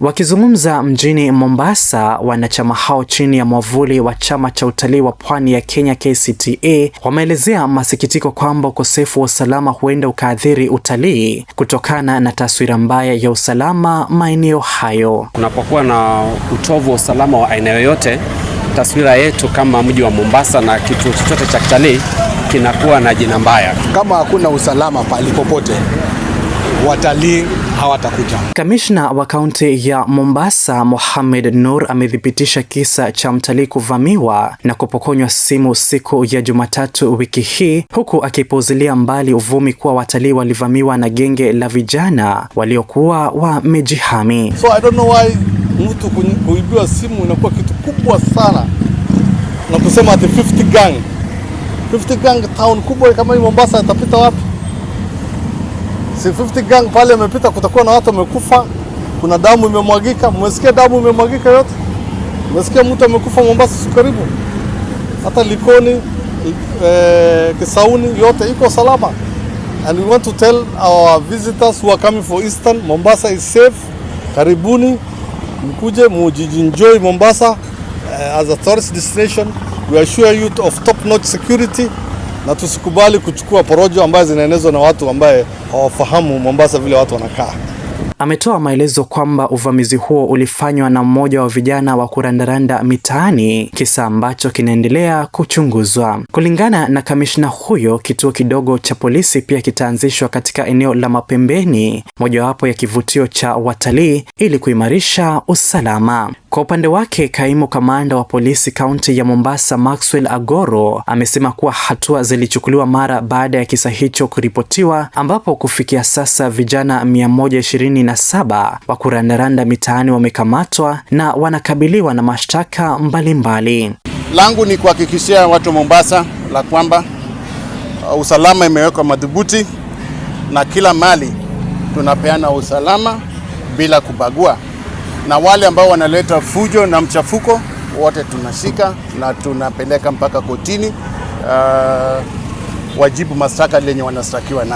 Wakizungumza mjini Mombasa, wanachama hao chini ya mwavuli wa chama cha utalii wa pwani ya Kenya KCTA wameelezea masikitiko kwamba ukosefu wa usalama huenda ukaathiri utalii kutokana na taswira mbaya ya usalama maeneo hayo. Kunapokuwa na utovu wa usalama wa aina yoyote, taswira yetu kama mji wa Mombasa na kitu chochote cha kitalii kinakuwa na jina mbaya. Kama hakuna usalama palipopote watalii hawatakuja. Kamishna wa kaunti ya Mombasa Mohamed Nur amethibitisha kisa cha mtalii kuvamiwa na kupokonywa simu siku ya Jumatatu wiki hii, huku akipuuzilia mbali uvumi kuwa watalii walivamiwa na genge la vijana waliokuwa wamejihami. So I don't know why mtu kuibiwa simu inakuwa kitu kubwa sana na kusema ati 50 gang. 50 gang town kubwa kama hii Mombasa atapita wapi? 50 gang pale amepita, kutakuwa na watu wamekufa, kuna damu imemwagika. Mmesikia damu imemwagika yote? Mmesikia mtu amekufa Mombasa, si karibu hata Likoni eh, Kisauni, yote iko salama. And we want to tell our visitors who are coming for Eastern, Mombasa is safe. Karibuni mkuje mujienjoy Mombasa uh, as a tourist destination. We assure you of top notch security na tusikubali kuchukua porojo ambazo zinaenezwa na watu ambaye hawafahamu Mombasa vile watu wanakaa. Ametoa maelezo kwamba uvamizi huo ulifanywa na mmoja wa vijana wa kurandaranda mitaani, kisa ambacho kinaendelea kuchunguzwa. Kulingana na kamishna huyo, kituo kidogo cha polisi pia kitaanzishwa katika eneo la mapembeni, mojawapo ya kivutio cha watalii ili kuimarisha usalama. Kwa upande wake, kaimu kamanda wa polisi kaunti ya Mombasa Maxwell Agoro amesema kuwa hatua zilichukuliwa mara baada ya kisa hicho kuripotiwa, ambapo kufikia sasa vijana 127 wa kurandaranda mitaani wamekamatwa na wanakabiliwa na mashtaka mbalimbali. Langu ni kuhakikishia watu wa Mombasa la kwamba uh, usalama imewekwa madhubuti na kila mali tunapeana usalama bila kubagua na wale ambao wanaleta fujo na mchafuko wote tunashika na tunapeleka mpaka kotini, uh, wajibu mashtaka lenye wanastakiwa na